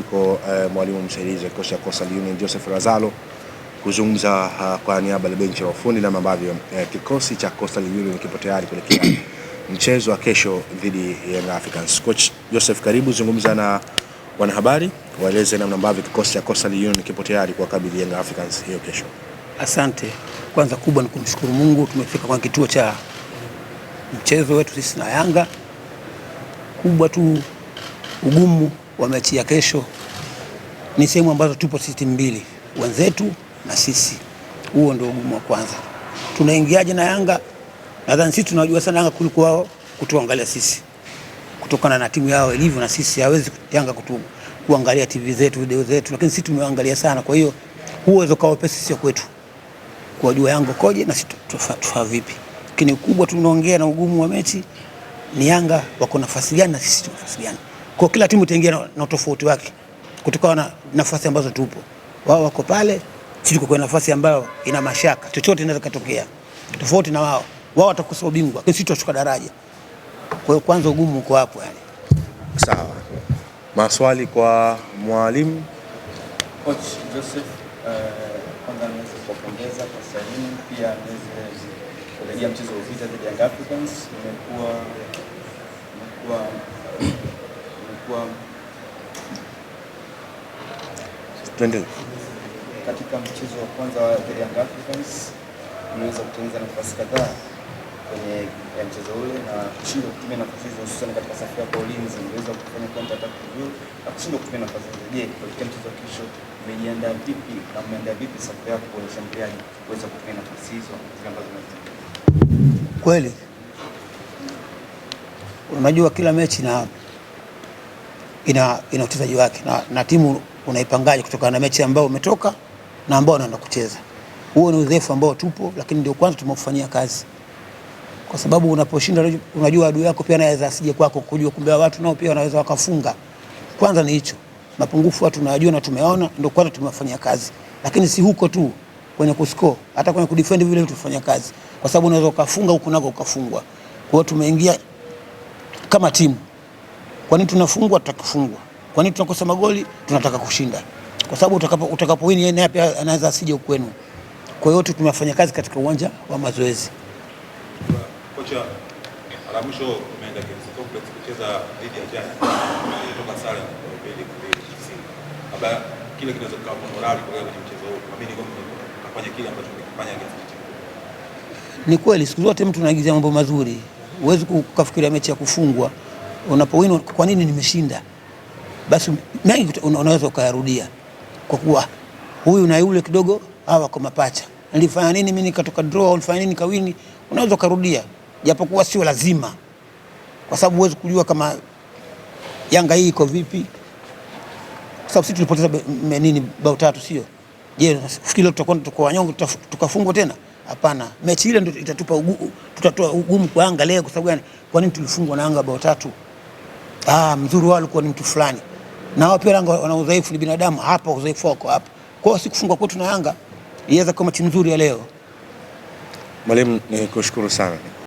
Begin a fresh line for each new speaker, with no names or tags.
yuko eh, mwalimu msaidizi wa kikosi cha Coastal Union Joseph Razalo kuzungumza uh, kwa niaba ya benchi la ufundi namna ambavyo eh, kikosi cha Coastal Union kipo tayari kuelekea mchezo wa kesho dhidi ya Young Africans. Coach Joseph, karibu zungumza na wanahabari, waeleze namna ambavyo kikosi cha Coastal Union kipo tayari kuwakabili Young Africans hiyo kesho.
Asante. Kwanza kubwa ni kumshukuru Mungu tumefika kwa kituo cha mchezo wetu sisi na Yanga. Kubwa tu ugumu wa mechi ya kesho, ni sehemu ambazo tupo sisi mbili, wenzetu na sisi. Huo ndio ugumu wa kwanza. Tunaingiaje na Yanga? Nadhani sisi tunajua sana Yanga kuliko wao kutuangalia sisi, kutokana na timu yao ilivyo, na sisi hawezi Yanga kutu, kuangalia TV zetu video zetu, lakini sisi tumeangalia sana. Kwa hiyo huo kwa wepesi sio kwetu kuwajua Yanga koje na sisi tufaa vipi, lakini kubwa tunaongea na ugumu wa mechi ni Yanga wako nafasi gani na sisi tuna nafasi gani. Kwa kila timu itaingia na, tofauti wake kutokana na nafasi ambazo tupo. Wao wako pale, sisi kwa nafasi ambayo ina mashaka, chochote inaweza kutokea Tofauti na wao, wao watakosa ubingwa, sisi tutashuka daraja. Kwa hiyo kwanza ugumu uko hapo yani.
Sawa. Maswali kwa mwalimu
Coach Joseph uh, kwanza naweza kupongeza kwa sahihi pia naweza kurejea mchezo wa vita dhidi ya Africans, imekuwa kwa Tuendelee. Katika mchezo wa kwanza wa The Young Africans tuliweza kutengeneza nafasi kadhaa kwenye mchezo ule na kushindwa kutumia nafasi hizo, hususan katika safu yako ulinzi iliweza kufanya counter attack vizuri na kushindwa kutumia nafasi hizo. Je, katika mchezo wa kesho umejiandaa vipi na umeandaa vipi safu yako ya washambuliaji kuweza kutumia nafasi hizo zile ambazo unazitumia?
Kweli unajua kila mechi na hapo ina, ina uchezaji wake na, na timu unaipangaje kutokana na mechi ambayo umetoka na ambao unaenda kucheza. Huo ni udhaifu ambao tupo, lakini ndio kwanza tumekufanyia kazi, kwa sababu unaposhinda unajua adui yako pia anaweza asije kwako kujua, kumbe watu nao pia wanaweza wakafunga. Kwanza ni hicho mapungufu watu tunayajua na tumeona, ndio kwanza tumewafanyia kazi, lakini si huko tu kwenye kuscore, hata kwenye kudefend vile tufanya kazi, kwa sababu unaweza ukafunga huko nako ukafungwa. Kwa hiyo tumeingia kama timu kwa nini tunafungwa tutakufungwa? nini tunakosa magoli tunataka kushinda, kwa sababu utakapo utakapo win yeye pia anaweza asije kwenu. Kwa hiyo tumefanya kazi katika uwanja wa mazoezi.
Kocha Alamusho umeenda Kings Complex kucheza dhidi ya Jana, kutoka sare mbili kwa mbili. Labda kile kinaweza kuwa morali kwa kwenye mchezo huu, naamini kwamba tutafanya kile ambacho tumekifanya against
Ni kweli siku zote mtu anaagiza mambo mazuri, huwezi kukafikiria mechi ya kufungwa unapowinwa, kwa nini nimeshinda, basi mengi unaweza ukayarudia, kwa kuwa huyu na yule kidogo hawa kwa mapacha, nilifanya nini mimi nikatoka draw au nilifanya nini kawini, unaweza ukarudia, japokuwa sio lazima, kwa sababu huwezi kujua kama Yanga hii iko vipi, kwa sababu sisi tulipoteza nini bao tatu, sio? Je, fikiri tutakwenda tuko wanyonge tukafungwa tena? Hapana, mechi ile ndio itatupa ugumu, tutatoa ugumu kwa Yanga leo. Kwa sababu gani? Kwa nini tulifungwa na Yanga bao tatu? ah, mzuri wao alikuwa ni mtu fulani, na wao pia Yanga wana udhaifu, ni binadamu. Hapa udhaifu wako hapa Kwa si kufungwa kwetu na Yanga iweza kuwa mechi nzuri ya leo.
Mwalimu, nikushukuru sana.